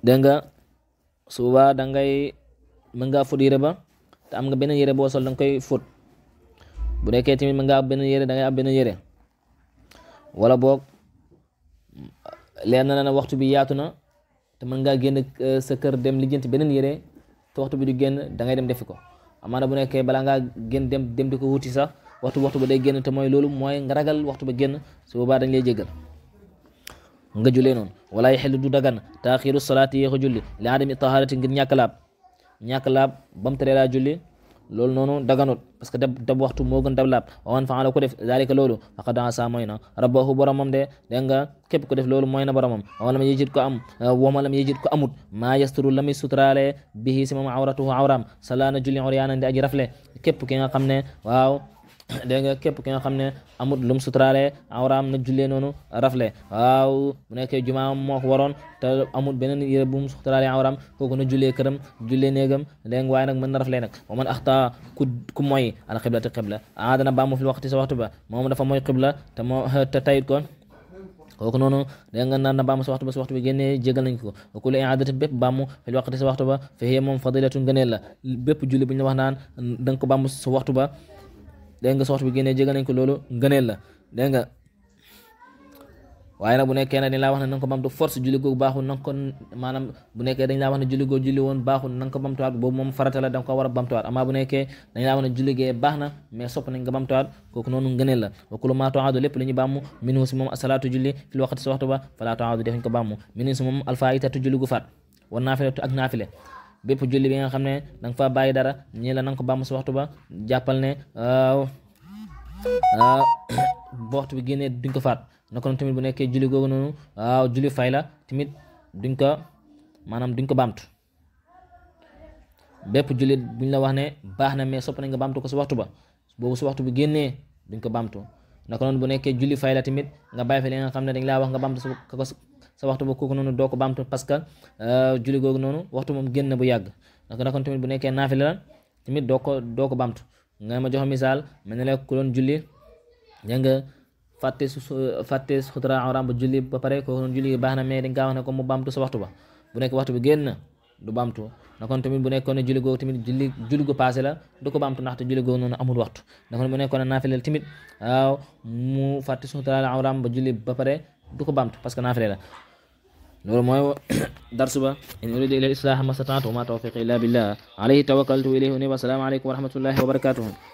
dégg nga su ngaa fóot yére ba te am nga beneen yére boo sol danga koy fóot bu nekkee tamit mën ngaa am beneen yére da ngay am beneen yére wala boog leer na na waxtu bi yaatu na. te mën ngaa génn euh, sa kër dem lijjanti beneen yére te waxtu bi du génn da ngay dem defi ko amaana bu nekkee balaa nga génn dem dem di ko wuti sax waxtu waxtu ba day génn te mooy loolu mooy nga ragal waxtu ba génn su boobaa dañ lay jéggal nga julee noonu wala yaxelu du dagan taaxiru salaati yéex a julli li adami taharati ngir ñàkk laab ñàkk laab bam tere laa julli loolu noonu daganut parce dab waxtu moo dab laab wa man faala ku def zalika loolu faqad asa mooy na rabbahu boromam de dégg nga képp loolu mooy boromam wa lam yajid ko am wa ma lam la muy sutraale bihi si moom awratuhu awraam salaana julli oriyaanan di aji rafle képp ki nga dégg nga képp ki nga xam ne amut lum suturaalee awraam na jullee noonu rafle waaw bu nekkee jumaa moo ko waroon te amut benn yére bu mu suturaalee awraam kooku na jullee këram jullee néegam dégg nga waaye nag mën na rafle nag wa man axta ku ku mooy al xiblati xibla ah dana baa mu fi waxti sa waxtu ba moom dafa mooy xibla te moo te ko ko kooku noonu da nga naan na baamu sa waxtu ba sa waxtu bi génnee jégal nañ ko ku la iadati bépp baamu fil ba fa hiya moom fadilatu ngëneel la bépp julli bu ñu la wax naan da ko baamu sa waxtu ba dégg nga soxtu bi génnee jege ko loolu ngëneel la dégg nga waaye nag bu na nga ko na nga ko maanaam bu nekkee dañ laa wax ne julli googu julli woon baaxul na nga ko bamtuwaat boobu nga ko a bamtuwaat amaa bu wax ne julli na mais sopp nañ nga bamtuwaat kooku noonu ngëneel la maa tuaadu lépp li ñu bàmmu minhu si moom asalaatu julli fil waxtu si waxtu ba falaa tuaadu defuñ ko bàmmu minhu si moom julli gu faat wa naafilatu ak naafile bépp julli bi nga xam ne da nga fa bàyyi dara ñi la nanga ko bàmm si waxtu ba jàppal ne euh, euh, bu waxtu bi génnee duñ ko faat naka noonu tamit bu nekkee julli googu noonu waaw julli fay la tamit duñ ko maanaam duñ ko bamtu bépp buñ la wax ne baax na mais sopp nañ nga bamtu ko si waxtu ba boobu si waxtu bi génnee duñ ko bamtu naka noonu bu nekkee julli fay la tamit nga bàyyi fa li nga xam ne dañ laa wax nga bamtu ko sa waxtu ba kooku noonu doo ko baamtu parce que euh, julli googu noonu waxtu moom génn bu yàgg naka nakon tamit bu nekkee naafila la tamit doo ko doo ko baamtu ma jox misaal mel ne la ku doon julli dégg nga fàtte su fàtte sutura awraam ba julli ba pare kooku noonu julli baax mais dañ kaa ko mu baamtu sa waxtu ba bu nekk waxtu bi na du baamtu tamit bu nekkoon ne julli tamit julli julli gu passé la ko baamtu ndaxte julli googu noonu amul waxtu nakon bu nekkoon ne naafila tamit waaw mu fàtte sutura awraam ba julli ba pare du ko parce que naafila la loolu mooy darsu ba in uridu ila al islaha ma stata'tu wa ma tawfiqi illa billah alayhi tawakkaltu wa ilayhi unib assalaamu aleykum wa rahmatullahi wa barakatuhu